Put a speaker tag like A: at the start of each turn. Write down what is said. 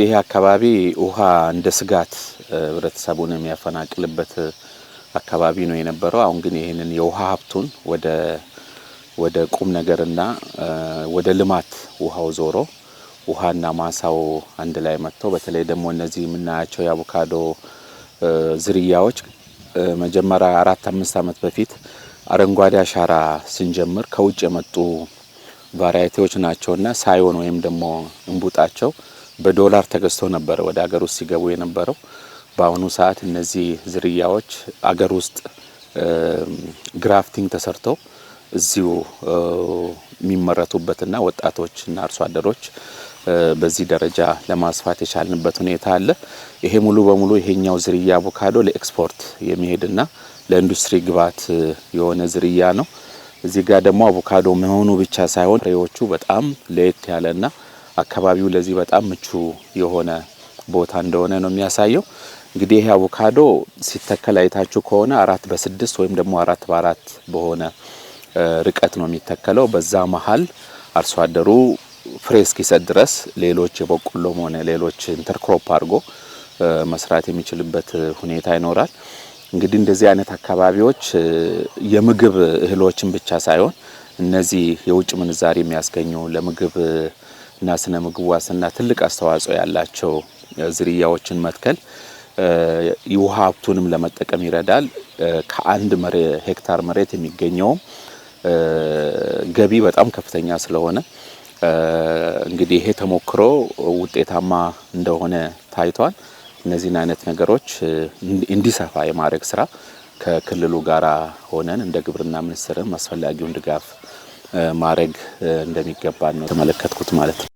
A: ይህ አካባቢ ውሃ እንደ ስጋት ህብረተሰቡን የሚያፈናቅልበት አካባቢ ነው የነበረው። አሁን ግን ይህንን የውሃ ሀብቱን ወደ ወደ ቁም ነገርና ወደ ልማት ውሃው ዞሮ ውሃና ማሳው አንድ ላይ መጥተው በተለይ ደግሞ እነዚህ የምናያቸው የአቮካዶ ዝርያዎች መጀመሪያ አራት አምስት ዓመት በፊት አረንጓዴ አሻራ ስንጀምር ከውጭ የመጡ ቫራይቲዎች ናቸውና ሳይሆን ወይም ደግሞ እንቡጣቸው በዶላር ተገዝተው ነበረ ወደ አገር ውስጥ ሲገቡ የነበረው። በአሁኑ ሰዓት እነዚህ ዝርያዎች አገር ውስጥ ግራፍቲንግ ተሰርተው እዚሁ የሚመረቱበትና ወጣቶችና አርሶ አደሮች በዚህ ደረጃ ለማስፋት የቻልንበት ሁኔታ አለ። ይሄ ሙሉ በሙሉ ይሄኛው ዝርያ አቮካዶ ለኤክስፖርት የሚሄድና ለኢንዱስትሪ ግብዓት የሆነ ዝርያ ነው። እዚህ ጋር ደግሞ አቮካዶ መሆኑ ብቻ ሳይሆን ፍሬዎቹ በጣም ለየት ያለና አካባቢው ለዚህ በጣም ምቹ የሆነ ቦታ እንደሆነ ነው የሚያሳየው። እንግዲህ ይሄ አቮካዶ ሲተከል አይታችሁ ከሆነ አራት በስድስት ወይም ደግሞ አራት በአራት በሆነ ርቀት ነው የሚተከለው። በዛ መሀል አርሶ አደሩ ፍሬ እስኪሰጥ ድረስ ሌሎች የበቆሎም ሆነ ሌሎች ኢንተርክሮፕ አድርጎ መስራት የሚችልበት ሁኔታ ይኖራል። እንግዲህ እንደዚህ አይነት አካባቢዎች የምግብ እህሎችን ብቻ ሳይሆን እነዚህ የውጭ ምንዛሪ የሚያስገኙ ለምግብ እና ስነ ምግብ ዋስትና ትልቅ አስተዋጽኦ ያላቸው ዝርያዎችን መትከል የውሃ ሀብቱንም ለመጠቀም ይረዳል። ከአንድ ሄክታር መሬት የሚገኘውም ገቢ በጣም ከፍተኛ ስለሆነ እንግዲህ ይሄ ተሞክሮ ውጤታማ እንደሆነ ታይቷል። እነዚህን አይነት ነገሮች እንዲሰፋ የማድረግ ስራ ከክልሉ ጋር ሆነን እንደ ግብርና ሚኒስቴርም አስፈላጊውን ድጋፍ ማድረግ እንደሚገባ ነው የተመለከትኩት ማለት ነው።